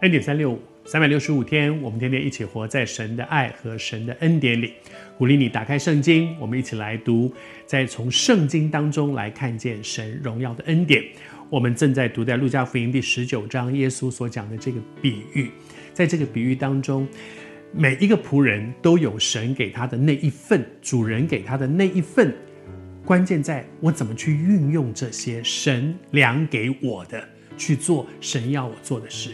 恩典三六五，三百六十五天，我們天天一起活在神的愛和神的恩典裡，鼓勵你打開聖經，我們一起來讀，再從聖經當中來看見神榮耀的恩典。我們正在讀在路加福音第十九章，耶穌所講的這個比喻，在這個比喻當中，每一個僕人都有神給他的那一份，主人給他的那一份，關鍵在，我怎麼去運用這些神量給我的，去做神要我做的事。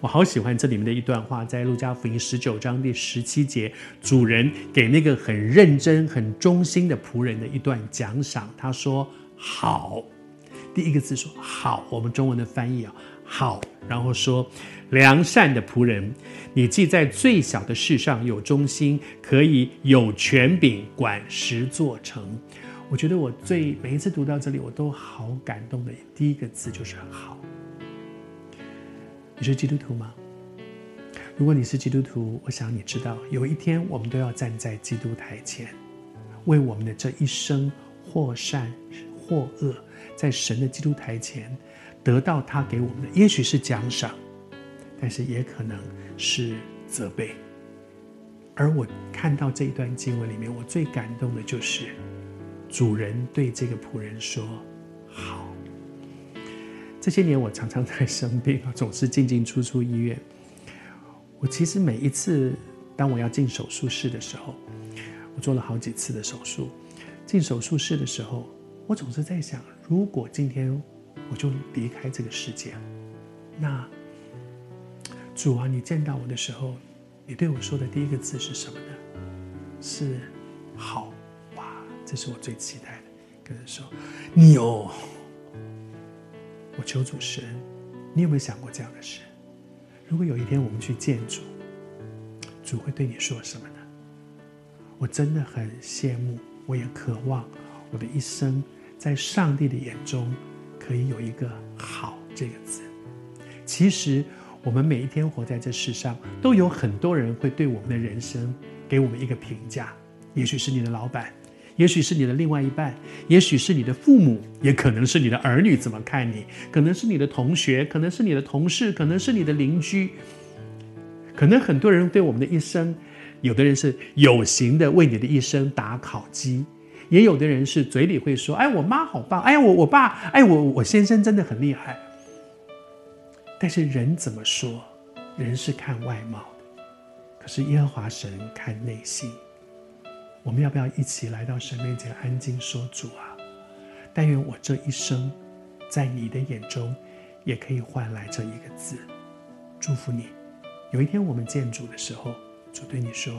我好喜歡這裡面的一段話，在路加福音十九章第十七節，主人給那個很認真、很忠心的僕人的一段獎賞。他說：“好，第一個字說好。”我們中文的翻譯啊，好。然後說：“良善的僕人，你既在最小的事上有忠心，可以有權柄管十座城。”我覺得我最，每一次讀到這裡，我都好感動的。第一個字就是好。你是基督徒嗎？如果你是基督徒，我想你知道，有一天我們都要站在基督台前，為我們的這一生或善或惡，在神的基督台前得到他給我們的，也許是獎賞，但是也可能是責備。而我看到這一段經文裡面，我最感動的就是主人對這個僕人說，這些年我常常在生病啊，總是進進出出醫院。我其實每一次當我要進手術室的時候，我做了好幾次的手術。進手術室的時候，我總是在想：如果今天我就離開這個世界，那主啊，你見到我的時候，你對我說的第一個字是什麼呢？是好，哇，這是我最期待的。跟人說你哦。我求主神，你有沒有想過這樣的事？如果有一天我們去見主，主會對你說什麼呢？我真的很羨慕，我也渴望我的一生在上帝的眼中可以有一個好這個字。其實我們每一天活在這世上，都有很多人會對我們的人生給我們一個評價，也許是你的老板。也許是你的另外一半，也許是你的父母，也可能是你的兒女怎麼看你？可能是你的同學，可能是你的同事，可能是你的鄰居，可能很多人對我們的一生，有的人是有形的為你的一生打考績；也有的人是嘴裡會說：“哎，我媽好棒！”哎，我我爸，哎，我我先生真的很厲害。但是人怎麼說？人是看外貌的，可是耶和華神看內心。我們要不要一起來到神面前安靜說，主啊，但願我這一生，在你的眼中，也可以換來這一個字，祝福你。有一天我們見主的時候，主對你說。